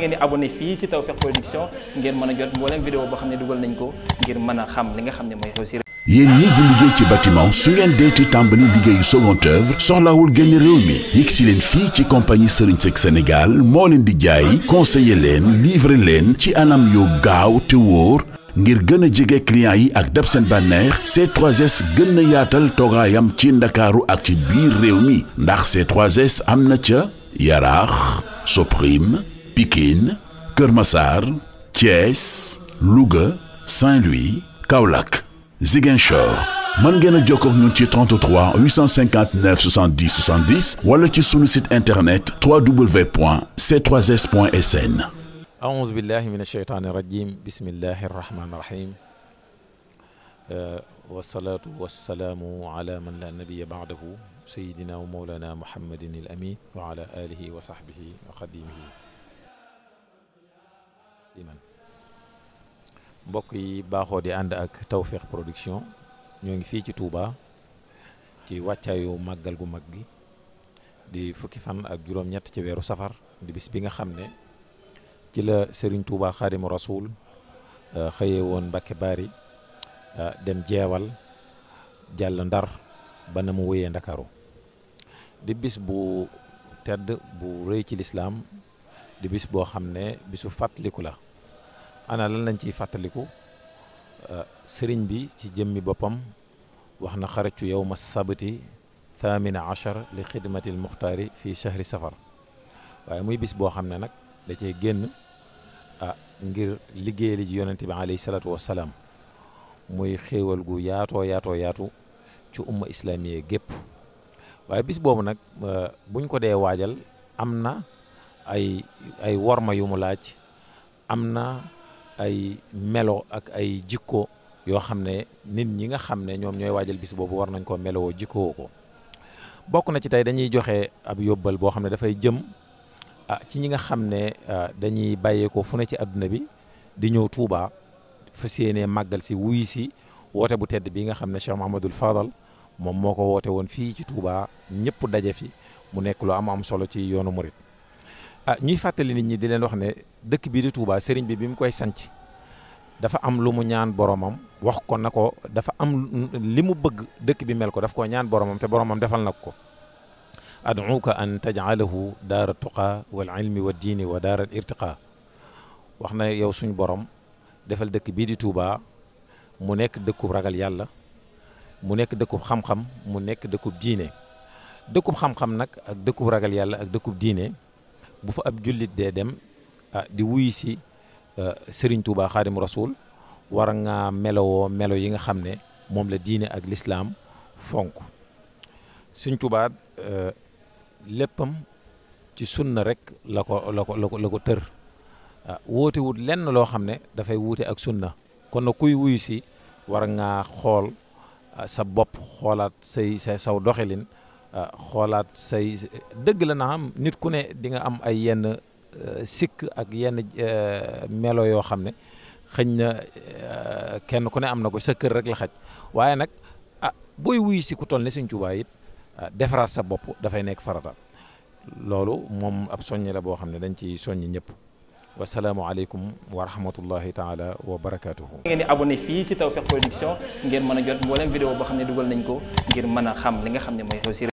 ngeen di abonné fii ci Tawfekh ngeen mën jot mboolem vidéo boo xam ne dugal nañ ko ngir mën a xam li nga xam ne mooy xew ci yéen ñii di liggéey ci bâtiment su ngeen deeti tàmbali liggéeyu seconde œuvre soxlawul génn réew mi yegg si leen fii ci compagnie Serigne Seck Sénégal moo leen di jaay conseiller leen livrer leen ci anam yoo gaaw te wóor ngir gën a jege client yi ak dab seen bànneex c 3 gën a yaatal toogaayam ci ndakaaru ak ci biir réew mi ndax C3S am na ca Yaraax Soprim Pikine Kër Massar Thiès Louga Saint-Louis Kaolack Ziguinchor mën ngeen a jokkoo ak ñun ci 33 859 70 70 wala ci sunu site internet www.c3s.sn aouzu billahi min asheytaani rajim bismillahi arrahmaani arrahim wasalaatu wasalaamu ala man la nabiya baadahu sayidina wa mawlana muhammadin al amin wa ala alihi wa sahbihi wa xadimihi mbokk yi baaxoo di ànd ak Tawfekh Production ñoo ngi fii ci Touba ci wàccaayu màggal gu mag gi di fukki fan ak juróom-ñett ci weeru safar di bi nga xam ne ci la sëriñ Touba Xaadimu Rasuul euh, xëye woon Mbàkke Baari euh, dem jeewal jàll Ndar ba na mu wéyee Ndakaaru di bu tedd bu rëy ci lislaam di bis boo xam ne bisu fàttaliku la ana lan lañ ciy fàttaliku euh, sëriñ bi ci jëmmi boppam wax na xaraju yowma sabti thamina achar li xidmatil muxtaari fii chahri safar waaye muy bis boo xam ne nag da cee génn ah ngir liggéeyali ji yonente bi alayhi salaatu wassalaam muy xéewal gu yaatoo yaatoo yaatu ci umma islamiye gépp waaye bis boobu nag euh, buñ ko dee waajal ay ay worma yu mu laaj am na ay melo ak ay jikko yoo xam ne nit ñi nga xam ne ñoom ñooy waajal bis boobu war nañ koo melowoo jikkoo ko bokk na ci tey dañuy joxe ab yóbbal boo xam ne dafay jëm a ah, ci ñi nga xam ne ah, dañuy bàyyeekoo fu ne ci àdduna bi di ñëw Touba fas yéenee màggal si wuy si woote bu tedd bi nga xam ne Cheikh Mahamadul Fadal moom moo ko woote woon fii ci Touba ñëpp daje fi mu nekk lu am am solo ci yoonu murit ah ñuy fàttali nit ñi di leen wax ne dëkk bii di Touba sëriñ bi bi mu koy sanc dafa am lu mu ñaan boromam wax ko na ko dafa am li mu bëgg dëkk bi mel ko daf koo ñaan boromam te boromam defal na ko ad'uuka an taj'alahu daara tuqaa wal ilmi wa diini wa daara irtiqaa wax na yow suñu borom defal dëkk bii di tuubaa mu nekk dëkkub ragal yàlla mu nekk dëkkub xam-xam mu nekk dëkkub diine dëkkub xam-xam nag ak dëkkub ragal yàlla ak dëkkub diine bu fa ab jullit dee dem ah, di wuyu si ah, Serigne Touba Xaadim Rasoul war nga melowoo melo yi nga xam ne moom la diine ak lislaam fonk suñ Touba eh, léppam ci sunna rek la ko la ko la ko tër ah, woote wut lenn loo xam ne dafay wuute ak sunna kon na kuy wuyu si war ngaa xool sa bopp xoolaat say sa saw doxalin Euh, xoolaat say dëgg la naa am nit ku ne di nga am ay yenn euh, sikk ak yenn euh, melo yoo xam ne xëñ na kenn ku ne am na ko sa kër rek la xaj waaye nag a ah, booy wuy si ku toll ne Sëñ Tuubaa it ah, defaraat sa bopp dafay nekk farata loolu moom ab soññ la boo xam ne dañ ci soññ ñëpp wasalaamualeykum wa rahmatullahi taala wa barakaatuhu. ngeen di abonné fii ci Tawfekh Production ngeen mën a jot mboolem vidéo boo xam ne dugal nañ ko ngir mën a xam li nga xam ne